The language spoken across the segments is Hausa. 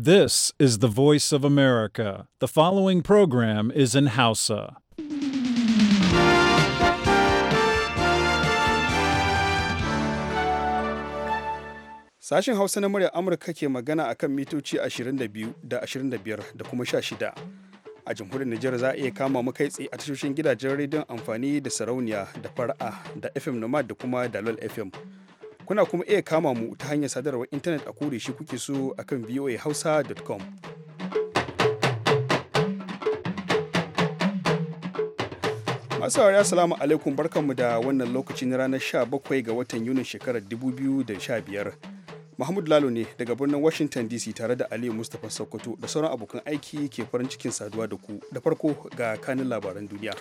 This is the voice of America. The following program is in Hausa. Sashen Hausa na murya Amurka ke magana a kan mitoci 22 da 25 da kuma 16. A jamhuriyar Nijar za a iya kama mu tsaye a tashoshin gidajen rediyon amfani da sarauniya da fara'a da FM Nomad da kuma Dalol FM. kuna kuma iya kama mu ta hanyar sadarwar intanet a kore shi kuke so a kan voahausa.com masu saurari assalamu alaikum barkanmu da wannan lokacin na ranar 17 ga watan yunin shekarar 2015 Mahmud Lalo ne daga birnin Washington DC tare da Aliyu Mustapha Sokoto da sauran abokan aiki ke farin cikin saduwa da ku da farko ga kanin labaran duniya.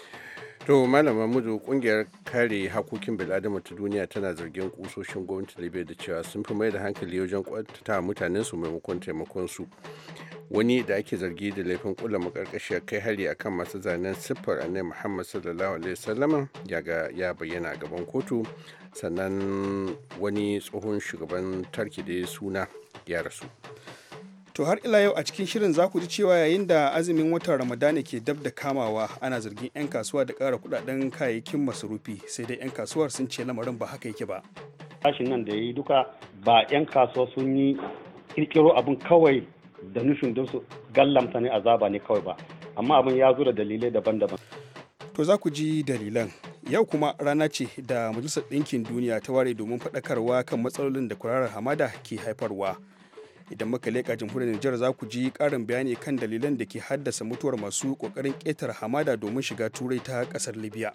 To malama mudu kungiyar kare hakokin bil'adama ta duniya tana zargin kusoshin gwamnati Libya da cewa sun fi mai da hankali wajen kwatanta mutanen su maimakon taimakon su. Wani da ake zargi da laifin kula makarkashiyar kai hari akan masu zanen siffar annabi Muhammad sallallahu alaihi wasallam ya ga ya bayyana gaban kotu sannan wani tsohon shugaban tarki da suna ya rasu. To har ila yau a cikin shirin za ku ji cewa yayin da azumin watan Ramadana ke dab da kamawa ana zargin 'yan kasuwa da kara kudaden kayayyakin masurufi sai dai 'yan kasuwar sun ce lamarin ba haka yake ba. Kashin nan da ya yi duka ba 'yan kasuwa sun yi kirkiro abin kawai da nufin don su gallamta ne azaba ne kawai ba amma abin ya zo da dalilai daban-daban. To za ku ji dalilan yau kuma rana ce da majalisar ɗinkin duniya ta ware domin faɗakarwa kan matsalolin da kwararar hamada ke haifarwa. idan muka leƙa jamhuriyar Nijar za ku ji ƙarin bayani kan dalilan da ke haddasa mutuwar masu ƙoƙarin ƙetar hamada domin shiga turai ta ƙasar Libya.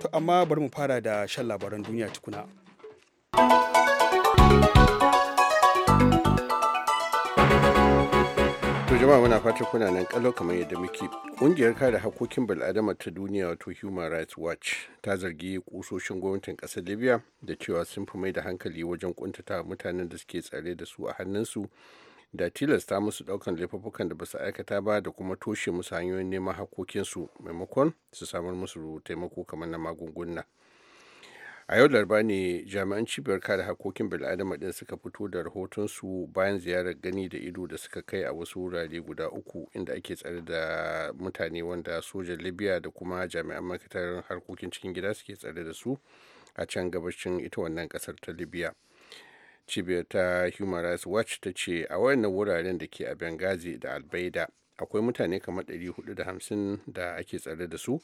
To amma bari mu fara da shan labaran duniya tukuna. To muna fata kuna nan kallo kamar yadda muke. Kungiyar kare hakokin bil'adama ta duniya wato Human Rights Watch ta zargi kusoshin gwamnatin kasar Libya da cewa sun fi mai da hankali wajen kuntata mutanen da suke tsare da su a hannunsu da tilasta musu daukan laifuffukan da basu aikata ba da kuma toshe musu hanyoyin neman hakokinsu maimakon su samar musu taimako kamar na magunguna. a yau laraba ne jami'an cibiyar kare hakokin bil'adama din suka fito da rahotonsu bayan ziyarar gani da ido da suka kai a wasu wurare guda uku inda ake tsare da mutane wanda sojan libya da kuma jami'an makatar harkokin cikin gida suke tsare da su a can gabashin ita wannan kasar ta libya cibiyar ta human rights watch ta ce a wayannan wuraren da ke a bengazi da albaida akwai mutane kamar 450 da ake tsare da su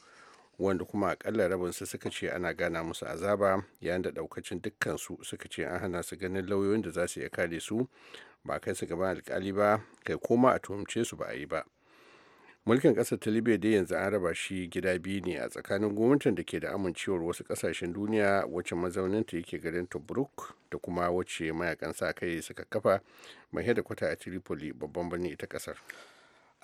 wanda kuma akalla rabinsu suka ce ana gana musu azaba yayin da daukacin dukkansu suka ce an hana su ganin lauyoyin da za su iya kare su ba kai su gaban alkali ba kai koma a tuhumce su ba a yi ba mulkin kasar ta libya dai yanzu an raba shi gida biyu ne a tsakanin gwamnatin da ke da amincewar wasu kasashen duniya wacce mazauninta yake garin tobruk da kuma wacce mayakan sa kai suka kafa mai kwata a tripoli babban birni ita kasar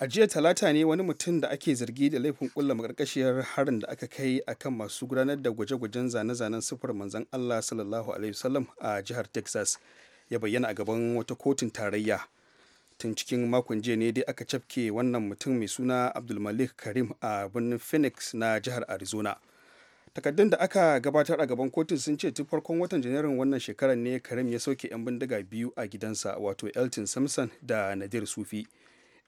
a jiya talata ne wani mutum da ake zargi da laifin kulla makarkashiyar harin da aka kai akan masu gudanar da gwaje-gwajen zane-zanen siffar manzan allah sallallahu alaihi wasallam a jihar texas ya bayyana a gaban wata kotun tarayya tun cikin makon jiya ne dai aka cafke wannan mutum mai suna abdulmalik karim a birnin phoenix na jihar arizona takaddun da aka gabatar a gaban kotun sun ce tun farkon watan janairun wannan shekarar ne karim ya sauke 'yan bindiga biyu a gidansa wato elton samson da nadir sufi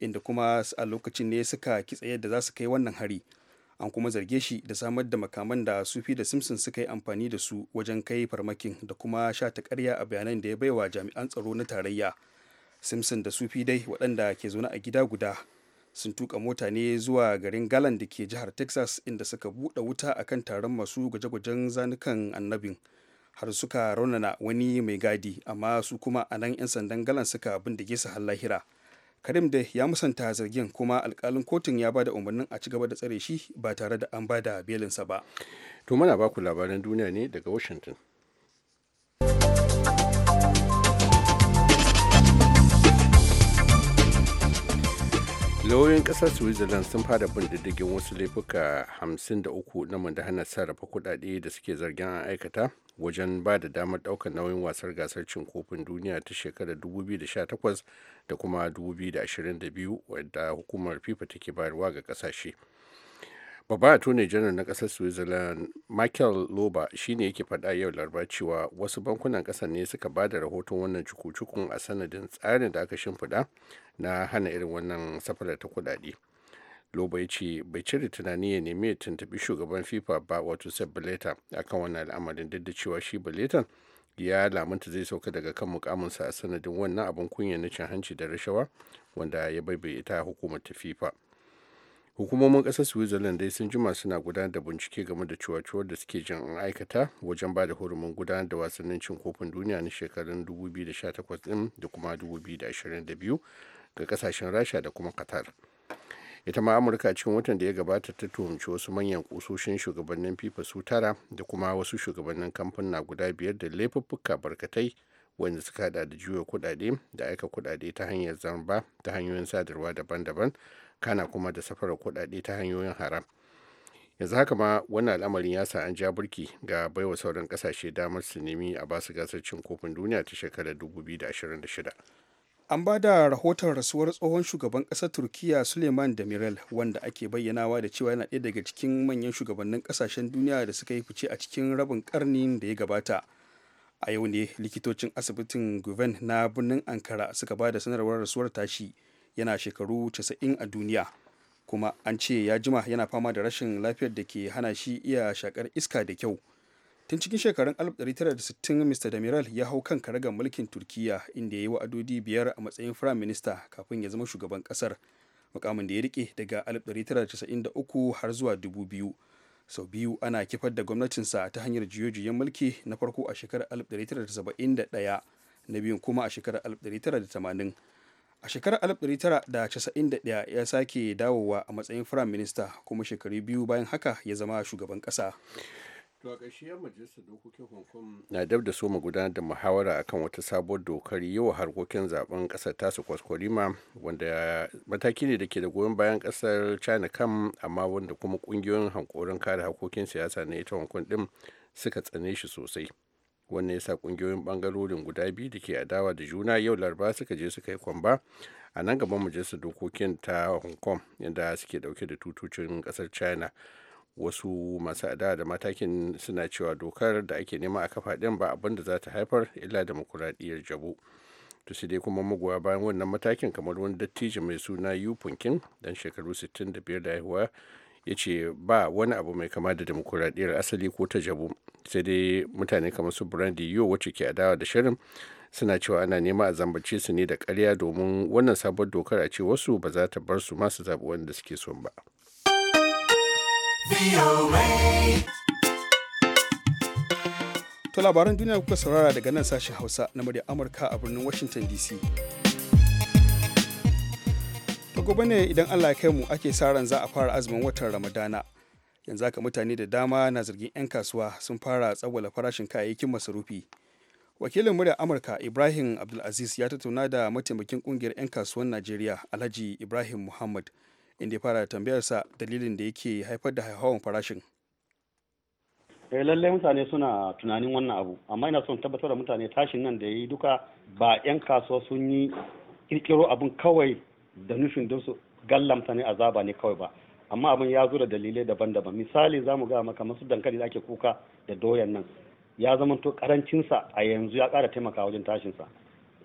inda kuma a lokacin ne suka kitsa yadda za su kai wannan hari an kuma zarge shi da samar da makaman da sufi da simpson suka yi amfani da su wajen kai farmakin da kuma shata karya a bayanan da ya baiwa jami'an tsaro na tarayya simpson da sufi dai waɗanda ke zaune a gida guda sun tuka mota ne zuwa garin galan da ke jihar texas inda suka buɗe wuta a kan taron masu gwaje-gwajen zanukan annabin har suka raunana wani mai gadi amma su kuma a nan 'yan sandan galan suka bindige su har lahira karim da ya musanta zargin kuma alkalin kotun ya bada umarnin a ci gaba da tsare shi ba tare da an bada belinsa ba to muna baku labaran duniya ne daga washington lauyoyin kasar switzerland sun fara bin diddigin wasu laifuka 53 na hana sarrafa kudade da suke zargin an aikata wajen ba da damar daukar nauyin wasar gasar cin kofin duniya ta shekarar 2018 da kuma 2022 wadda hukumar fifa take bayarwa ga kasashe babba a attorney janar na kasar switzerland michael loba shine yake faɗa yau laraba cewa wasu bankunan ƙasar ne suka ba da rahoton wannan cuku-cukun a sanadin tsarin da aka shimfiɗa na hana irin wannan safarar ta kuɗaɗe. loba ya ce bai cire tunani ya nemi ya tuntubi shugaban fifa ba wato sep a akan wannan al'amarin duk da cewa shi biletan ya lamunta zai sauka daga kan mukaminsa a sanadin wannan abin kunya na cin hanci da rashawa wanda ya baibaye ta hukumar ta fifa hukumomin ƙasar switzerland dai sun jima suna gudanar da bincike game da cuwacuwar da suke jin an aikata wajen ba da hurumin gudanar da wasannin cin kofin duniya na shekarun 2018 din da kuma 2022 ga kasashen rasha da kuma qatar ita ma amurka cikin watan da ya gabata ta tuhumci wasu manyan kusoshin shugabannin fifa su tara da kuma wasu shugabannin kamfuna guda biyar da laifuffuka barkatai wanda suka hada da juya kudade da aika kudade ta hanyar zamba ta hanyoyin sadarwa daban-daban kana kuma da safarar kudade ta hanyoyin haram yanzu haka ma wannan al'amarin ya sa an ja burki ga baiwa sauran kasashe damar su nemi a basu gasar cin kofin duniya ta shekarar 2026 an ba da rahoton rasuwar tsohon shugaban ƙasar turkiya suleiman demirel wanda ake bayyanawa da cewa yana ɗaya daga cikin manyan shugabannin ƙasashen duniya da suka yi fice a cikin rabin ƙarnin da ya gabata a yau ne likitocin asibitin guven na birnin ankara suka ba da sanarwar rasuwar tashi yana shekaru 90 a duniya kuma an ce ya jima yana fama da rashin lafiyar da ke hana shi iya shakar iska da kyau tun cikin shekarun 1960 mr damiral ya hau kan karagar mulkin turkiya inda ya yi wa'adodi biyar a matsayin firayim minista kafin ya zama shugaban kasar mukamin da ya rike daga 1993 har zuwa 2000 sau biyu ana kifar da gwamnatinsa ta hanyar juye-juyen mulki na farko a shekarar 1971 na biyun kuma a shekarar 1980 a shekarar 1991 ya sake dawowa a matsayin firayim minista kuma shekaru biyu bayan haka ya zama shugaban ƙasa majalisar dokokin hong kong na dab da so mu gudanar da muhawara akan wata sabuwar dokar yi wa harkokin zaben kasar tasu kwaskwarima wanda mataki ne da ke da goyon bayan kasar china kam amma wanda kuma kungiyoyin hankorin kare harkokin siyasa na ita hong kong din suka tsane shi sosai wannan yasa kungiyoyin bangarorin guda biyu da ke adawa da juna yau laraba suka je suka yi kwamba a nan gaban majalisar dokokin ta hong kong inda suke dauke da tutocin kasar china wasu masu ada da matakin suna cewa dokar da ake nema a kafa din ba abin da za ta haifar illa demokuraɗiyyar jabu to sai dai kuma magoya bayan wannan matakin kamar wani dattijo mai suna yu punkin dan shekaru 65 da haihuwa ya ce ba wani abu mai kama da demokuraɗiyyar asali ko ta jabu sai dai mutane kamar su brandy yo wacce ke adawa da shirin suna cewa ana nema a zambace su ne da karya domin wannan sabon dokar a ce wasu ba za ta bar su masu zaɓi wanda suke son ba. To labaran duniya kuka saurara daga nan sashen Hausa na murya Amurka a birnin Washington DC. To gobe ne idan Allah ya kai mu ake sa ran za a fara azumin watan Ramadana. Yanzu haka mutane da dama na zargin 'yan kasuwa sun fara tsawwala farashin kayayyakin masarufi. Wakilin murya Amurka Ibrahim Abdulaziz ya tattauna da mataimakin kungiyar 'yan kasuwan Najeriya Alhaji Ibrahim Muhammad inda ya fara da tambayarsa dalilin da yake haifar da hauhawan farashin eh lallai mutane suna tunanin wannan abu amma ina son tabbatar da mutane tashin nan da yi duka ba 'yan kasuwa sun yi kirkiro abin kawai da nufin don su gallamta ne azaba ne kawai ba amma abin ya zo da dalilai daban-daban misali za mu ga maka masu dankali da ake kuka da doyan nan ya zama to karancinsa a yanzu ya ƙara taimaka wajen tashinsa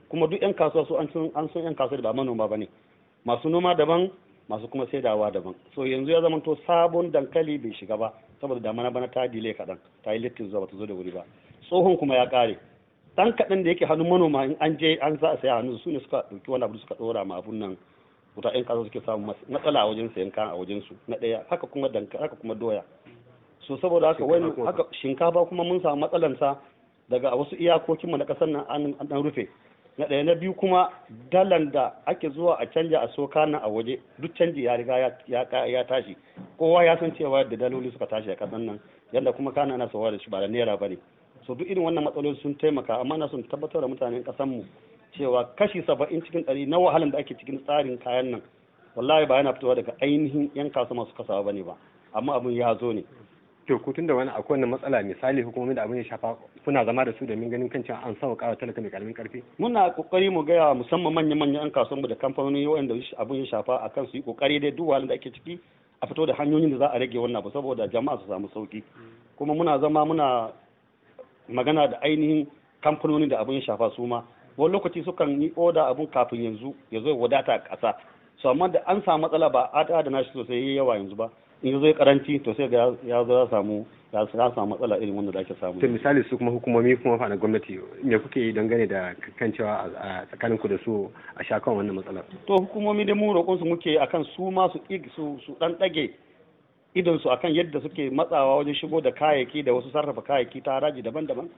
kuma duk 'yan kasuwa su an sun 'yan kasuwa da ba manoma ba ne masu noma daban masu kuma saidawa daban so yanzu ya zamanto sabon dankali bai shiga ba saboda damana bana ta dile kaɗan ta yi littin zuwa ba ta zo da wuri ba tsohon kuma ya ƙare ɗan kaɗan da yake hannun manoma in an je an za a saya hannun su ne suka ɗauki wani abu suka ɗora ma abun nan wuta ƴan ƙasa suke samun matsala a wajen sayan kan a wajen su na ɗaya haka kuma dankali haka kuma doya so saboda haka wani haka shinkafa kuma mun samu matsalansa daga wasu iyakokinmu na ƙasar nan an rufe na ɗaya na biyu kuma dalan da ake zuwa a canja a soka nan a waje duk canji ya riga ya tashi kowa ya san cewa da daloli suka tashi a kasan nan yadda kuma kana na sauwa da shi ba da naira ba ne so duk irin wannan matsaloli sun taimaka amma na sun tabbatar da mutanen kasan mu cewa kashi saba'in cikin ɗari na wahalan da ake cikin tsarin kayan nan wallahi ba yana fitowa daga ainihin yan kasuwa masu kasawa ba ne ba amma abin ya zo ne to ku tunda wani akwai wannan matsala misali hukumomi da abin ya shafa kuna zama da su domin ganin kan an sauka kawo talaka mai karamin karfi muna kokari mu gaya musamman manyan manyan an kasuwanmu da kamfanoni wanda abin ya shafa kan su yi kokari dai duk da ake ciki a fito da hanyoyin da za a rage wannan ba saboda jama'a su samu sauki kuma muna zama muna magana da ainihin kamfanoni da abin ya shafa su ma wani lokaci sukan yi oda abun kafin yanzu ya zo wadata a ƙasa su amma da an samu matsala ba a da na shi sosai yawa yanzu ba in zai karanci to sai ga ya zo ya samu ya samu matsala irin wanda da ake samu to misali su kuma hukumomi kuma fa na gwamnati me kuke yi dangane da kan cewa a tsakaninku da su a sha kan wannan matsalar to hukumomi da mu roƙon su muke akan su ma su su su dan dage idon su akan yadda suke matsawa wajen shigo da kayayyaki da wasu sarrafa kayayyaki ta haraji daban-daban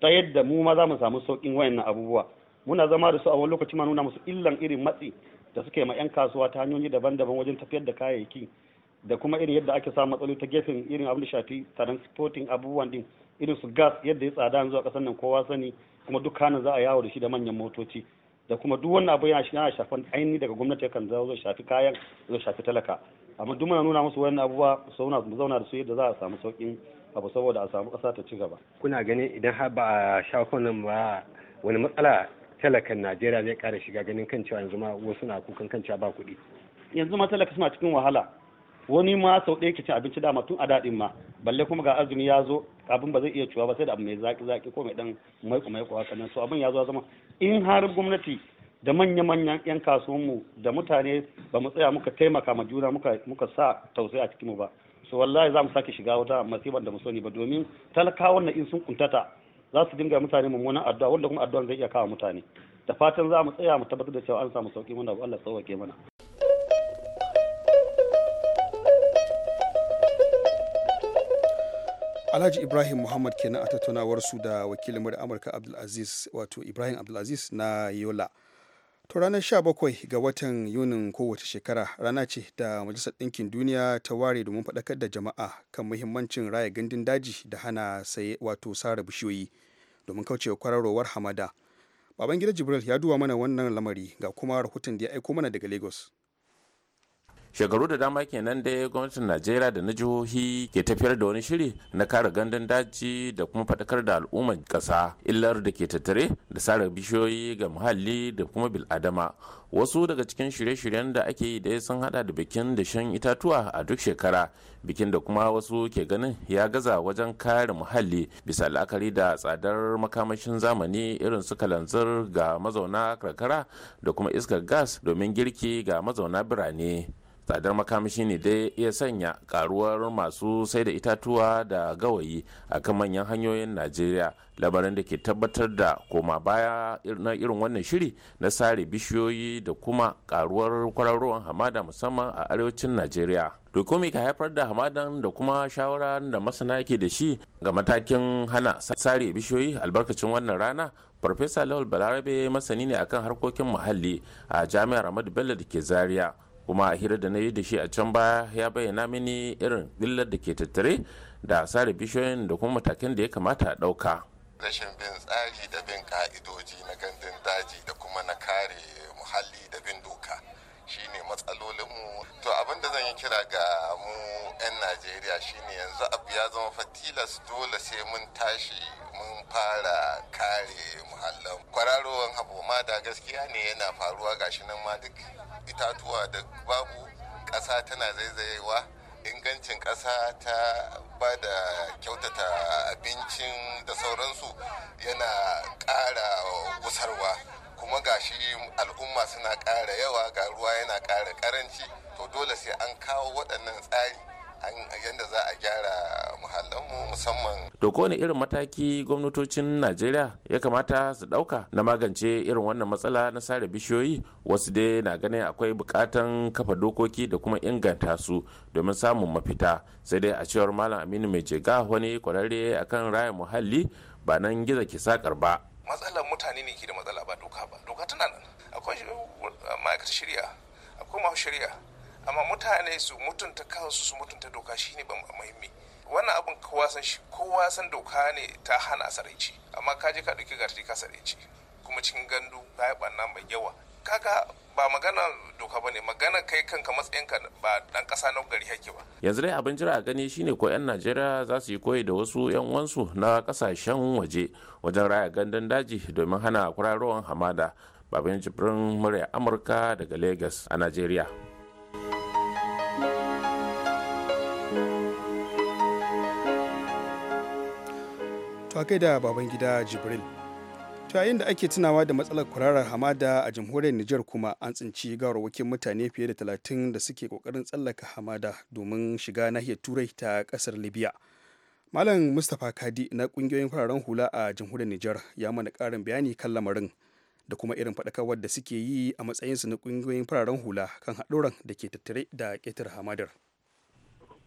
ta yadda mu ma za mu samu sauƙin wayannan abubuwa muna zama da su a wani lokaci ma nuna musu illan irin matsi da suke ma 'yan kasuwa ta hanyoyi daban-daban wajen tafiyar da kayayyaki da kuma irin yadda ake samu matsaloli ta gefen irin abin da shafi transporting abubuwan din irin su gas yadda ya tsada zuwa a kasar nan kowa sani kuma dukkanin za a yawo da shi da manyan motoci da kuma duk wannan abu yana yana shafan aini daga gwamnati kan yakan zo shafi kayan zuwa shafi talaka amma duk muna nuna musu wannan abubuwa su zauna da su yadda za a samu saukin abu saboda a samu ƙasa ta ci gaba kuna ganin idan har ba a shawo nan ba wani matsala talakan Najeriya zai ƙara shiga ganin kan cewa yanzu ma wasu na kukan kan cewa ba kuɗi yanzu ma talaka suna cikin wahala wani ma sau ɗaya ki ci abinci dama tun a daɗin ma balle kuma ga azumi ya zo abin ba zai iya cewa ba sai da abu mai zaki zaki ko mai dan maiko maiko haka nan so abin ya zo zama in har gwamnati da manya-manyan 'yan kasuwanmu da mutane ba mu tsaya muka taimaka ma juna muka sa tausayi a cikinmu ba so wallahi za mu sake shiga wata masiban da mu sani ba domin talakawan na in sun kuntata za su dinga mutane mummunan addu'a wanda kuma addu'an zai iya kawo mutane da fatan za mu tsaya mu tabbatar da cewa an samu sauki mana Allah sauke mana alhaji ibrahim muhammad kenan a tattaunawar su da wakilin murya amurka abdulaziz wato ibrahim abdulaziz na yola to ranar 17 ga watan yunin kowace shekara rana ce da majalisar ɗinkin duniya ta ware domin faɗakar da jama'a kan muhimmancin raya gandun daji da hana saye wato sare bishiyoyi domin kaucewa kwararowar hamada baban gida jibril ya duba mana wannan lamari ga kuma rahoton da ya aiko mana daga lagos shekaru da dama kenan da gwamnatin najeriya da na jihohi ke tafiyar da wani shiri na kare gandun daji da kuma faɗakar da al'ummar kasa illar da ke tattare da sare bishiyoyi ga muhalli da kuma bil'adama wasu daga cikin shirye-shiryen da ake yi da sun hada da bikin da shan itatuwa a duk shekara bikin da kuma wasu ke ganin ya gaza wajen kare muhalli bisa la'akari da tsadar makamashin zamani irin su kalanzir ga mazauna karkara da kuma iskar gas domin girki ga mazauna birane tsadar makamashi ne dai iya sanya karuwar masu sai da itatuwa da gawayi a kan manyan hanyoyin najeriya labarin da ke tabbatar da koma baya na irin wannan shiri na sare bishiyoyi da kuma karuwar kwararowar hamada musamman a arewacin najeriya hukumi ka haifar da hamadan da kuma shawara da masana yake da shi ga matakin hana sare bishiyoyi albarkacin wannan rana farfesa lawal balarabe masani ne akan harkokin muhalli a jami'ar ahmadu bello da ke zaria kuma a hira da na yi da shi a can baya ya bayyana mini irin illar da ke tattare da sare bishiyoyin da kuma matakan da ya kamata a ɗauka. rashin bin tsari da bin ka'idoji na gandun daji da kuma na kare muhalli da bin doka shine matsalolinmu to abin da zan yi kira ga mu 'yan najeriya shine yanzu abu ya zama fatilas dole sai mun tashi mun fara kare muhallin kwararowar haboma da gaskiya ne yana faruwa gashi nan ma duk itatuwa da babu ƙasa tana zaizayewa ingancin ƙasa ta ba da kyautata abincin da sauransu yana ƙara gusarwa kuma gashi al'umma suna ƙara yawa ga ruwa yana ƙara ƙaranci to dole sai an kawo waɗannan tsari yadda za a gyara muhallanmu musamman. To kowane irin mataki gwamnatocin Najeriya ya kamata su ɗauka na magance irin wannan matsala na sare bishiyoyi wasu dai na ganin akwai bukatan kafa dokoki da kuma inganta su domin samun mafita sai dai a cewar Malam Aminu Mai Jega wani kwararre akan raya muhalli ba nan gizo ke sakar ba. Matsalar mutane ne ke da matsala ba doka ba doka tana nan akwai ma'aikata shirya akwai masu shirya amma mutane su mutunta kansu su mutunta doka shine ba muhimmi wannan abin kowa san shi kowa san doka ne ta hana saraici amma ka je ka ɗauki garti ka kuma cikin gandu ka yi ɓanna mai yawa kaga ba magana doka bane magana kai kanka matsayinka ba dan kasa na gari hake ba yanzu dai abin jira a gani shine ko yan najeriya za su yi koyi da wasu yan wansu na kasashen waje wajen raya gandun daji domin hana kurarowar hamada babin jibrin murya amurka daga lagos a najeriya to kai da baban gida jibril to yayin da ake tunawa da matsalar kurarar hamada a jamhuriyar niger kuma an tsinci gawarwakin mutane fiye da talatin da suke kokarin tsallaka hamada domin shiga nahiyar turai ta kasar libya malam mustapha kadi na kungiyoyin fararen hula a jamhuriyar niger ya mana karin bayani kan lamarin da kuma irin faɗakarwar da suke yi a matsayinsu na kungiyoyin fararen hula kan haɗuran da ke tattare da ƙetare hamadar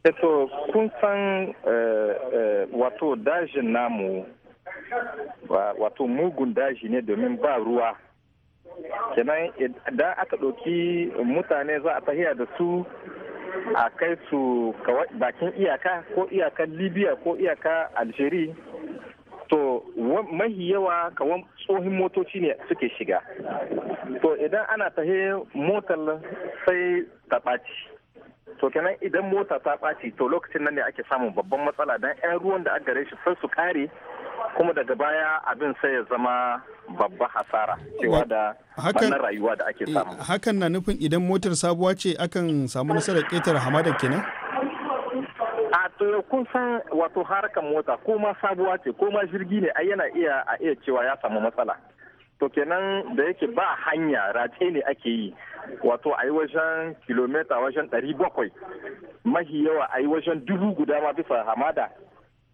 Eto kun san eh, eh, wato dajin namu wato mugun daji ne domin ba ruwa. Kenan idan aka ɗauki mutane za a tahiya da su a kai su bakin iyaka ko iyakar Libya ko iyaka Algeria to mahi yawa kawan tsohon motoci ne suke shiga. To idan ana tahe motar sai ta ɓaci. to kenan idan mota ta ɓaci to lokacin nan ne ake samun babban matsala dan 'yan ruwan da aka shi sai su kare kuma daga baya abin sai ya zama babba hasara cewa da wannan rayuwa da ake samu eh, hakan na nufin idan motar sabuwa ce akan samu nasarar ƙetare hamadar kenan a to kun san wato harkar mota ko ma sabuwa ce ko ma jirgi ne ai yana iya a iya cewa ya samu matsala to kenan da yake ba hanya ratse ne ake yi wato a yi wajen kilomita wajen 700 mahi yawa a yi wajen dubu guda ma bisa hamada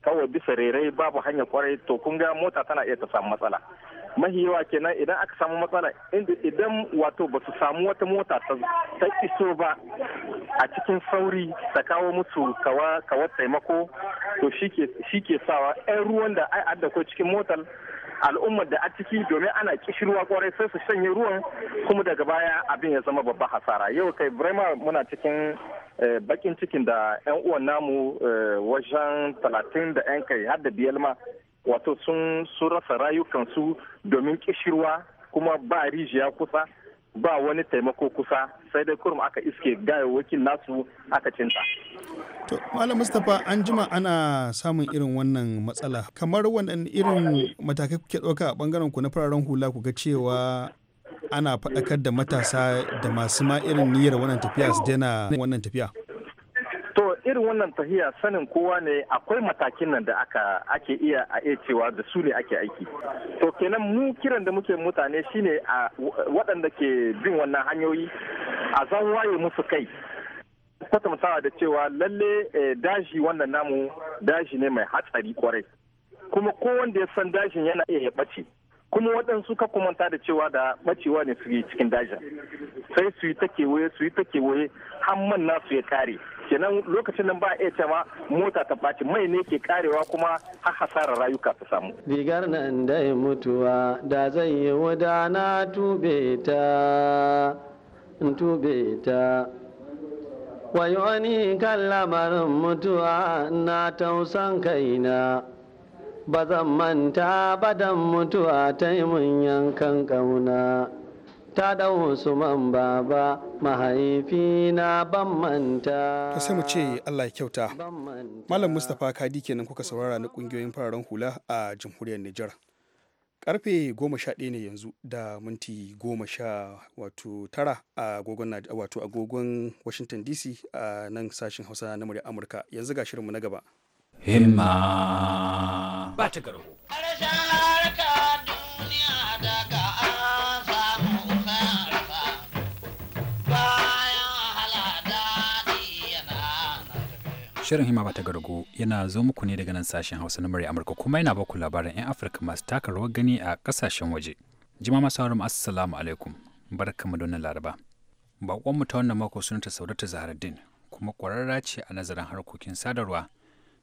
kawai bisa rairai babu hanya kwarai to kun ga mota tana iya ta samu matsala mahi yawa kenan idan aka samu matsala idan wato ba su samu wata mota ta iso ba a cikin sauri ta kawo musu kawa taimako to shi ke sawa 'yan ruwan da ai adda ko cikin motar al'ummar da a ciki domin ana kishirwa kwarai sai su shanye ruwan kuma daga baya abin ya zama babban hasara yau kai brema muna cikin eh, bakin cikin da 'yan uwan namu eh, wajen talatin da 'yan kai har da biyar wato sun rasa rayukansu domin kishirwa kuma ba rijiya kusa ba wani taimako kusa sai dai kurum aka iske wakil nasu aka cinta. To, Malam Mustapha an jima ana samun irin wannan matsala. Kamar wannan irin matakai kuke ɗauka a ɓangaren ku na fararen hula ku ga cewa ana faɗakar da matasa da masu ma irin niyyar wannan tafiya su daina wannan tafiya. irin wannan tahiya sanin kowa ne akwai matakin nan da aka ake iya a iya cewa da su ne ake aiki to kenan mu kiran da muke mutane shine a waɗanda ke bin wannan hanyoyi a zan waye musu kai kwatantawa da cewa lalle eh, daji wannan namu daji ne mai hatsari kwarai kuma kowanda ya san dajin yana iya ya ɓace kuma waɗansu ka kumanta da cewa da ɓacewa ne su cikin dajin sai su yi ta kewaye su yi ta kewaye har man nasu ya kare kenan lokacin nan ba iya cewa mota ta ɓaci mai ne ke karewa kuma har hasara rayuka ta samu rigar nan dai mutuwa da zan yi na tube ta tube ta wani kan lamarin mutuwa na tausan kaina ba zan manta badan mutuwa ta yi mun yankan ƙauna ta dau Usman baba mahaifina ban manta. Ta sai mu ce Allah ya kyauta. Malam Mustapha Kadi kenan kuka saurara na kungiyoyin fararen hula a jamhuriyar Nijar. Karfe goma sha ɗaya ne yanzu da minti goma sha wato tara a agogon wato agogon Washington DC a nan sashen Hausa na murya Amurka yanzu ga shirinmu na gaba. Himma ba ta garo. duniya da Shirin hima ba ta gargo yana zo muku ne daga nan sashen Hausa na murya Amurka kuma yana baku labarin 'yan Afirka masu taka rawar gani a kasashen waje. Jima masu harum assalamu alaikum. Barkamu da wannan laraba. mu ta wannan mako sunanta Saudatu Zaharaddin kuma kwararra ce a nazarin harkokin sadarwa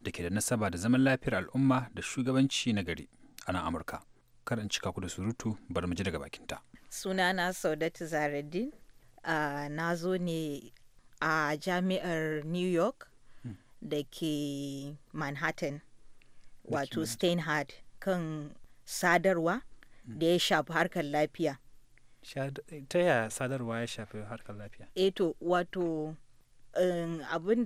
da ke da nasaba da zaman lafiyar al'umma da shugabanci na gari a nan Amurka. Kar in cika ku da surutu bar mu ji daga bakinta. Sunana Saudatu Zaharaddin. Uh, na zo ne a uh, jami'ar New York da ke manhattan wato steinhardt kan sadarwa hmm. da ya shafi harkar lafiya ta yaya sadarwa ya shafi harkar lafiya eto eh wato um, abin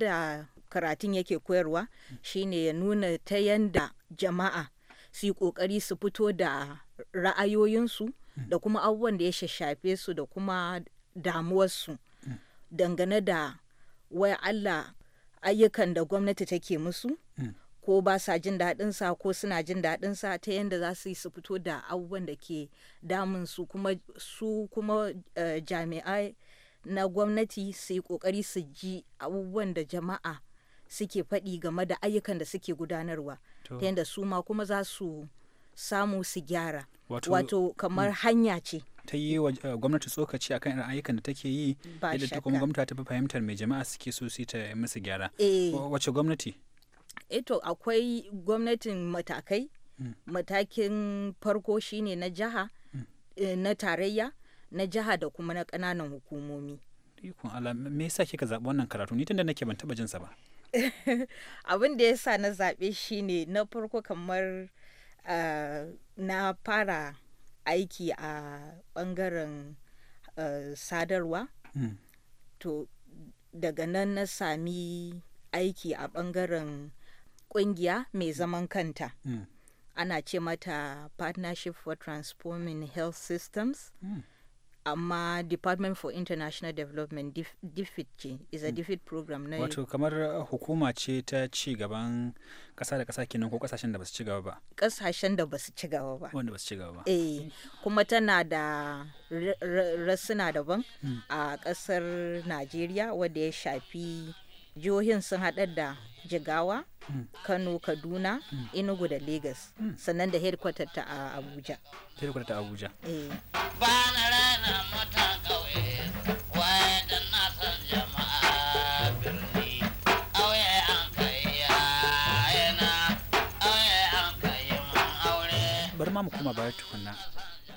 karatun yake koyarwa hmm. shine ya nuna ta yanda jama'a su yi kokari su fito da ra'ayoyinsu hmm. da kuma abubuwan da ya shafe su da kuma damuwarsu dangane da wai Allah ayyukan da gwamnati take musu hmm. ko ba sa jin daɗin sa ko suna jin daɗin sa ta yadda za su yi su fito da abubuwan da ke damun su kuma su kuma eh, jami'ai na gwamnati su yi ƙoƙari su ji abubuwan da jama'a suke faɗi game da ayyukan da suke gudanarwa ta yadda su ma kuma za su samu su gyara wato kamar hmm. hanya ce ta yi wa eh, gwamnati tsokaci akan irin ayyukan da take yi yadda ta kuma gwamnati ta fi fahimtar mai jama'a suke so su ta musu gyara eh. wace gwamnati eto eh akwai gwamnatin matakai hmm. matakin farko shine na jiha hmm. na tarayya na jiha da kuma na ƙananan hukumomi ikon ala me yasa kika zaɓi wannan karatu ni tunda nake ban taɓa jin sa ba abin da yasa na zaɓe shine na farko kamar na fara aiki a bangaren uh, eh, sadarwa mm. to daga nan na sami aiki a ɓangaren ƙungiya mai hmm. zaman kanta mm. ana ce mata partnership for transforming health systems mm. amma department for international development defeat ce is a hmm. defeat program na wato kamar hukuma ce ta ci gaban kasa da kasa kenan ko kasashen da basu ci gaba ba kasashen da basu ci gaba ba wanda basu ci gaba ba eh kuma tana da rasuna daban hmm. a kasar Najeriya wanda ya shafi jihohin sun haɗar da jigawa hmm. kano kaduna inugu hmm. da lagos hmm. sannan da headquarter ta abuja headquarter ta abuja eh. da bari ma mu koma bayar tukunna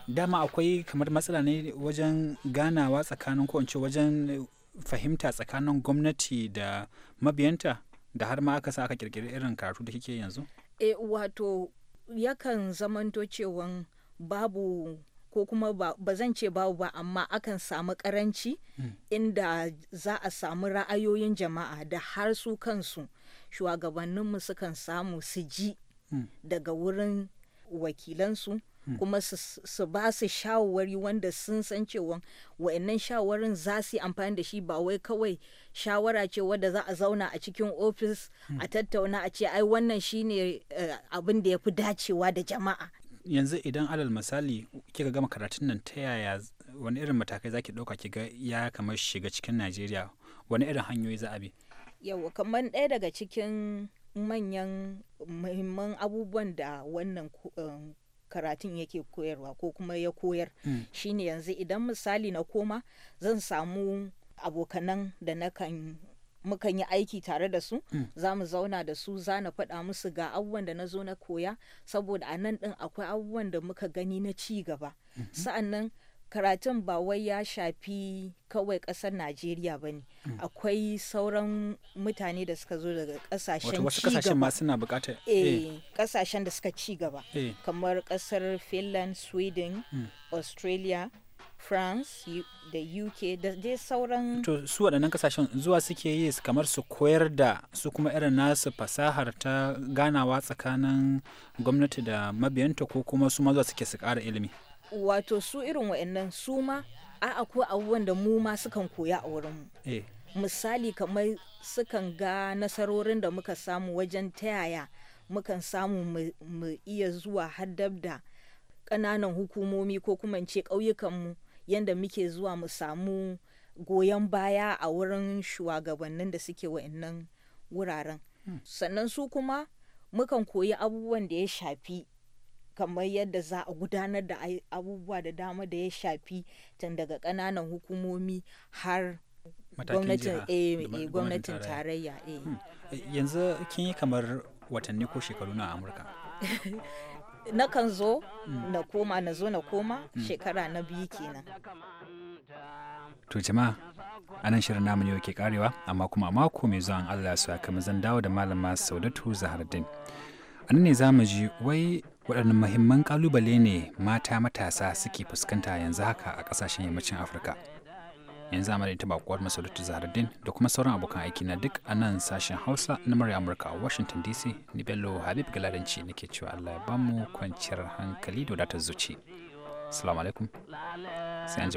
dama akwai kamar matsala ne wajen ganawa tsakanin ko wajen fahimta tsakanin gwamnati da mabiyanta da har ma aka sa aka kirkiri irin karatu da kike yanzu? E wato yakan zamanto cewan babu ko kuma ba zan ce babu ba amma akan samu karanci hmm. inda za a samu ra'ayoyin jama'a da har su kansu shugabanninmu sukan samu su ji hmm. daga wurin wakilansu Hmm. kuma su ba su shawarwari wanda sun san cewa wa'annan shawarin za su yi amfani da shi ba wai kawai shawara ce wadda za a zauna a cikin ofis hmm. a tattauna a ce ai wannan shine eh, abin da ya fi dacewa da jama'a yanzu idan alal misali kika gama karatun nan ta yaya wani irin matakai zaki ɗauka kiga ya kamar shiga cikin najeriya wani irin hanyoyi za a bi yawa kamar ɗaya daga cikin manyan muhimman abubuwan da wannan eh, karatun yake koyarwa ko kuma ya koyar mm. shine yanzu idan misali na koma zan samu abokanan da na kan mukan yi aiki tare da su mm. za mu zauna da su za na faɗa musu ga abubuwan da na zo na koya saboda a nan ɗin akwai abubuwan da muka gani na ci gaba mm -hmm. sa'annan karatun ba wai ya shafi kawai kasar najeriya ba ne mm. akwai sauran mutane da suka zo daga ƙasashen wasu kasashen ma suna bukatar kasashen eh, eh. da suka ci gaba eh. kamar kasar finland sweden mm. australia france da uk da dai sauran to su waɗannan kasashen zuwa suke yi kamar su koyar da su kuma irin nasu fasahar ta ganawa tsakanin gwamnati da mabiyanta ko kuma su ma zuwa suke su ƙara ilimi wato su irin wa'annan su ma a akwai abubuwan da mu ma sukan koya a wurin mu eh. misali kamar sukan ga nasarorin da muka samu wajen ta yaya mukan samu mu iya zuwa haddab da ƙananan hukumomi ko kuma ce ƙauyukanmu yadda muke zuwa mu samu goyon baya a wurin shugabannin da suke wa'annan wuraren hmm. sannan su kuma mukan koyi abubuwan da ya shafi kamar yadda za a gudanar da abubuwa da dama da ya shafi tun daga ƙananan hukumomi har eh, eh, gwamnatin tarayya eh. Hmm. yanzu kin yi kamar watanni ko shekaru na amurka na kan zo hmm. na koma na zo na koma hmm. shekara na biyu kenan to jama'a anan shirin namu yau ke karewa amma kuma mako mai zuwan allah su kama zan dawo da malama saudatu zahardin a nan ne za mu ji wai waɗannan mahimman ƙalubale ne mata matasa suke fuskanta yanzu haka a ƙasashen yammacin afirka yanzu amma ta ita bakuwar masarautar zahardin da kuma sauran abokan aiki na duk a nan sashen hausa na murya amurka a washington dc ni bello habib galadanci nake cewa allah ya bamu kwanciyar hankali da wadatar zuci alaikum sai an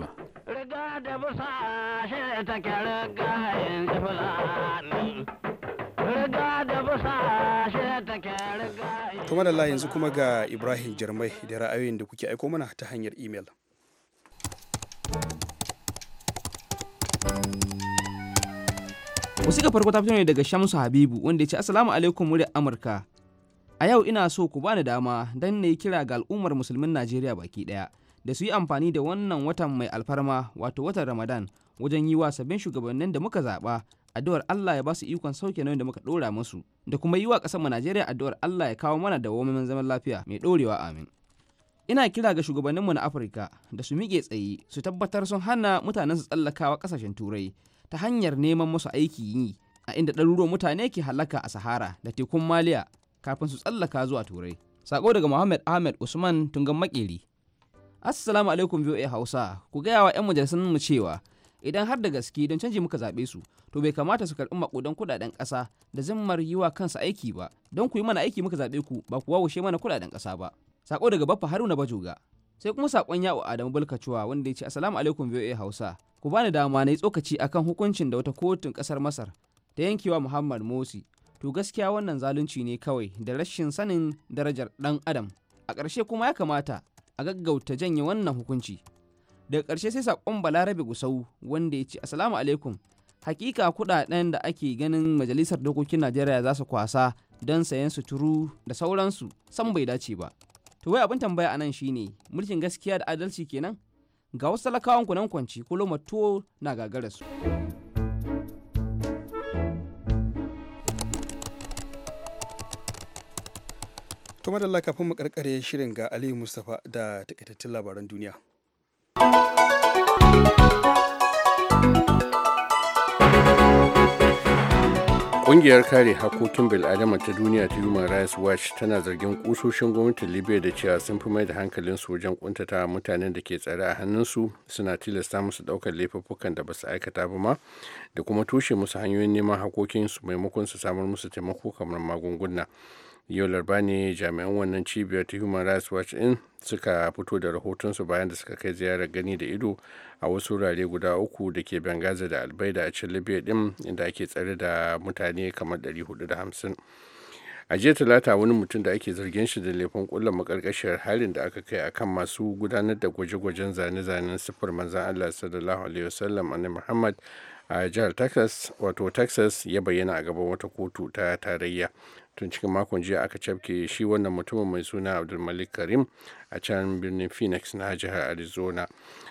To madalla yanzu kuma ga Ibrahim Jarmai da ra'ayoyin da kuke aiko mana ta hanyar imel. Wasu ga farko ta fito ne daga Shamsu Habibu wanda ya ce Assalamu alaikum muryar Amurka. A yau ina so ku bani dama don na yi kira ga al'ummar musulmin Najeriya baki ɗaya da su yi amfani da wannan watan mai alfarma wato watan Ramadan wajen yi wa sabbin shugabannin da muka zaɓa addu'ar Allah ya ba su ikon sauke nauyin da muka ɗora musu da kuma yi wa ƙasar mu Najeriya addu'ar Allah ya kawo mana da wamin zaman lafiya mai ɗorewa amin. Ina kira ga mu na Afirka da su miƙe tsaye su tabbatar sun hana mutanen su tsallakawa ƙasashen Turai ta hanyar neman musu aiki yi a inda ɗaruruwan mutane ke halaka a Sahara da tekun Maliya kafin su tsallaka zuwa Turai. Sako daga Muhammad Ahmed Usman Tungan Makeri. Assalamu alaikum VOA Hausa, ku gaya wa 'yan majalisun mu cewa idan har da gaske don canji muka zaɓe su to bai kamata su karɓi maƙudan kuɗaɗen ƙasa da zimmar yi wa kansa aiki ba don ku yi mana aiki muka zaɓe ku ba ku wawashe mana kuɗaɗen ƙasa ba sako daga baffa haruna bajoga sai kuma sakon yawo adamu cewa wanda ya ce assalamu alaikum voa hausa ku bani dama na yi tsokaci akan hukuncin da wata kotun ƙasar masar ta yankewa muhammad mosi to gaskiya wannan zalunci ne kawai da rashin sanin darajar ɗan adam a ƙarshe kuma ya kamata a gaggauta janye wannan hukunci daga ƙarshe sai saƙon balarabe gusau wanda ya ce assalamu alaikum hakika kuɗaɗen da ake ganin majalisar dokokin najeriya za su kwasa don sayan suturu da sauransu san bai dace ba to wai abin tambaya a nan shine mulkin gaskiya da adalci kenan ga wasu talakawan kunan kwanci ko lomato na gagara su to kafin mu karkare shirin ga aliyu mustapha da takaitattun labaran duniya Ƙungiyar kare hakokin bil'adama ta duniya ta Human Rights Watch tana zargin ƙusoshin gwamnatin Libya da cewa sun fi mai da hankalinsu wajen kuntata mutanen da ke tsare a hannunsu suna tilasta musu ɗaukar laifuffukan da ba su aikata ba ma da kuma toshe musu hanyoyin neman hakokinsu maimakon su samar musu taimako kamar magunguna. yau larba ne jami'an wannan cibiyar ta human rights watch in suka fito da rahotonsu bayan da suka kai ziyarar gani da ido a wasu wurare guda uku da ke bengazi da albaida a cin libya din inda ake tsare da mutane kamar 450 a jiya talata wani mutum da ake zargin shi da laifin kulla makarkashiyar halin da aka kai akan masu gudanar da gwaje-gwajen zane-zanen siffar manzan allah sallallahu alaihi wasallam annabi muhammad a jihar texas wato texas ya bayyana a gaban wata kotu ta tarayya tun cikin makon jiya aka cafke shi wannan mutumin mai suna abdulmalik karim a can birnin phoenix na jihar arizona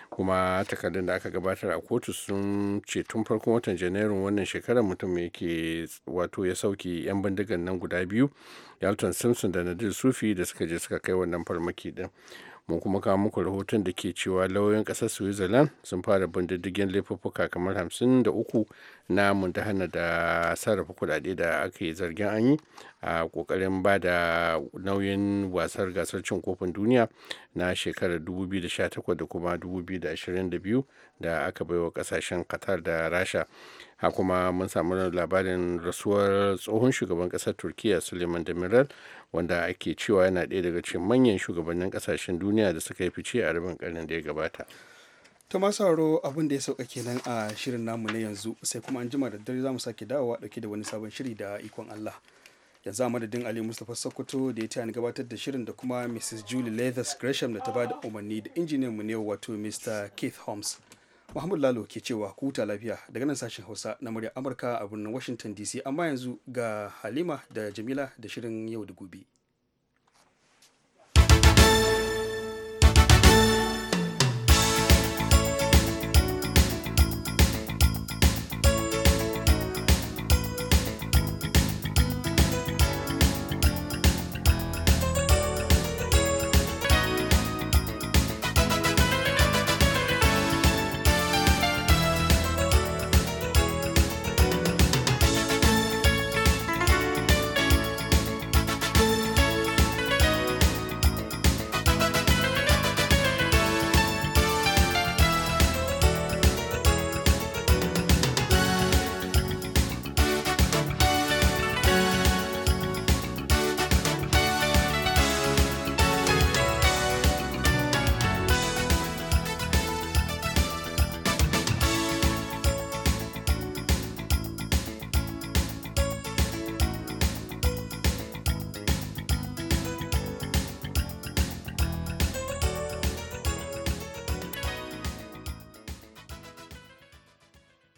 kuma takardun da aka gabatar a kotu sun ce tun farkon watan janairun wannan shekarar mutum yake wato ya sauke 'yan bindigan nan guda biyu yalton simpson da nadir sufi da suka je suka kai wannan farmaki din mun kuma kawo muku rahoton da ke cewa lauyoyin ƙasar switzerland sun fara bin diddigin laifuffuka kamar 53 na muntahana da sarrafa kudade da ake zargin an yi a kokarin ba da nauyin wasar gasar cin kofin duniya na shekarar 2018 da kuma 2022 da aka baiwa kasashen qatar da rasha ha kuma mun samu labarin rasuwar tsohon shugaban kasar turkiya suleiman demiral wanda ake cewa yana ɗaya daga cikin manyan shugabannin kasashen duniya da suka yi fice a rabin karnin da ya gabata ta masu abin da ya sauka kenan a shirin namu na yanzu sai kuma an jima da dare za mu sake dawowa ɗauke da wani sabon shiri da ikon allah yanzu a madadin ali mustapha sokoto da ya tayani gabatar da shirin da kuma mrs julie leathers gresham da ta ba da umarni da injiniyan mu ne wato mr keith holmes Muhammad Lalo ke cewa kuta lafiya daga nan sashen Hausa na murya Amurka a birnin Washington DC amma yanzu ga Halima da Jamila da shirin yau da gobe.